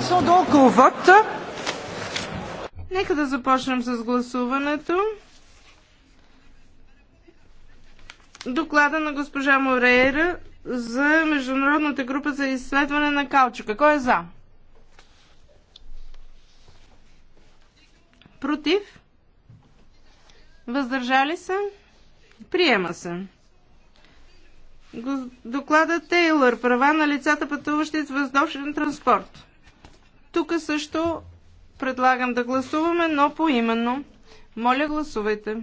passons donc au vote. Нека да започнем с гласуването. Доклада на госпожа Морейра за Международната група за изследване на каучука. Кой е за? Против? Въздържали се? Приема се. Доклада Тейлър. Права на лицата пътуващи с въздушен транспорт. Тук също предлагам да гласуваме, но поименно. Моля, гласувайте.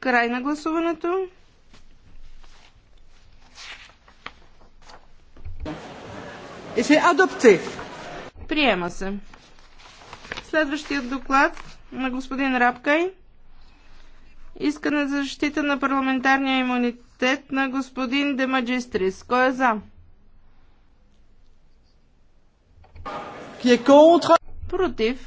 Край на гласуването. И се адопти. Приема се. Следващият доклад на господин Рапкай. Искане за защита на парламентарния имунитет на господин Демаджистрис. Кой е за? Qui est contre? Против.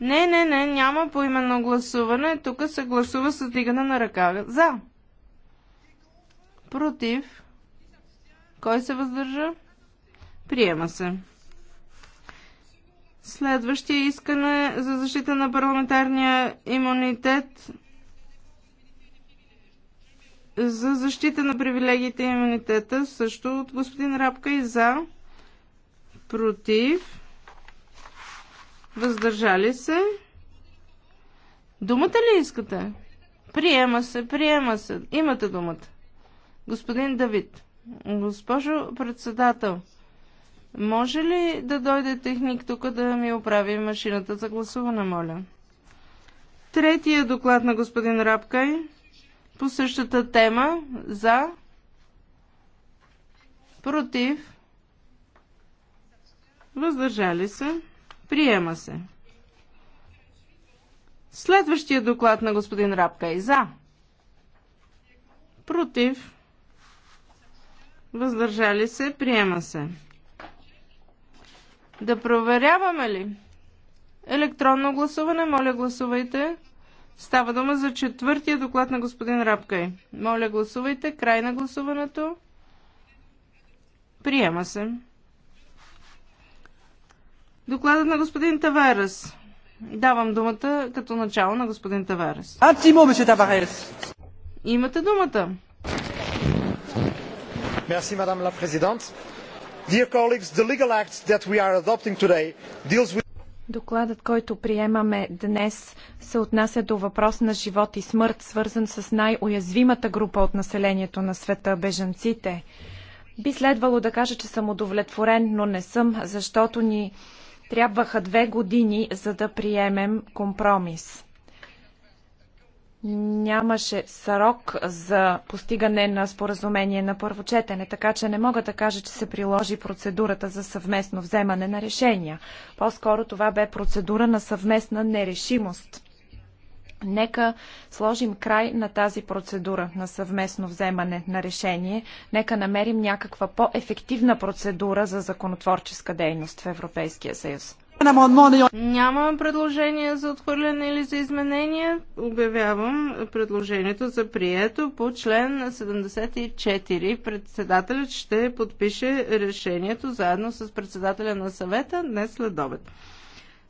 Не, не, не, няма поименно гласуване. Тук се гласува с дигане на ръка. За. Против. Кой се въздържа? Приема се. Следващия искане за защита на парламентарния имунитет за защита на привилегиите и имунитета, също от господин Рапка и за, против, въздържали се. Думата ли искате? Приема се, приема се. Имате думата. Господин Давид, госпожо председател, може ли да дойде техник тук да ми оправи машината за гласуване, моля? Третия доклад на господин Рапкай по същата тема за против въздържали се приема се Следващия доклад на господин Рапка е за против въздържали се приема се да проверяваме ли електронно гласуване моля гласувайте Става дума за четвъртия доклад на господин Рапкай. Моля, гласувайте. Край на гласуването. Приема се. Докладът на господин Таварес. Давам думата като начало на господин Таварес. Антимо, беше Таварес. Имате думата. Мерси, мадам ла президент. Dear colleagues, the legal act that we are adopting today deals with Докладът, който приемаме днес, се отнася до въпрос на живот и смърт, свързан с най-уязвимата група от населението на света – бежанците. Би следвало да кажа, че съм удовлетворен, но не съм, защото ни трябваха две години, за да приемем компромис нямаше срок за постигане на споразумение на първо четене, така че не мога да кажа, че се приложи процедурата за съвместно вземане на решения. По-скоро това бе процедура на съвместна нерешимост. Нека сложим край на тази процедура на съвместно вземане на решение. Нека намерим някаква по-ефективна процедура за законотворческа дейност в Европейския съюз. Няма предложение за отхвърляне или за изменение. Обявявам предложението за прието по член 74. Председателят ще подпише решението заедно с председателя на съвета днес след обед.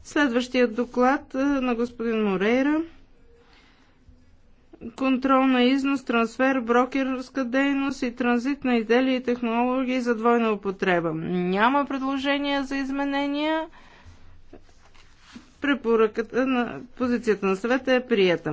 Следващият доклад е, на господин Морейра. Контрол на износ, трансфер, брокерска дейност и транзит на изделия и технологии за двойна употреба. Няма предложения за изменения. Препоръката на позицията на съвета е прията.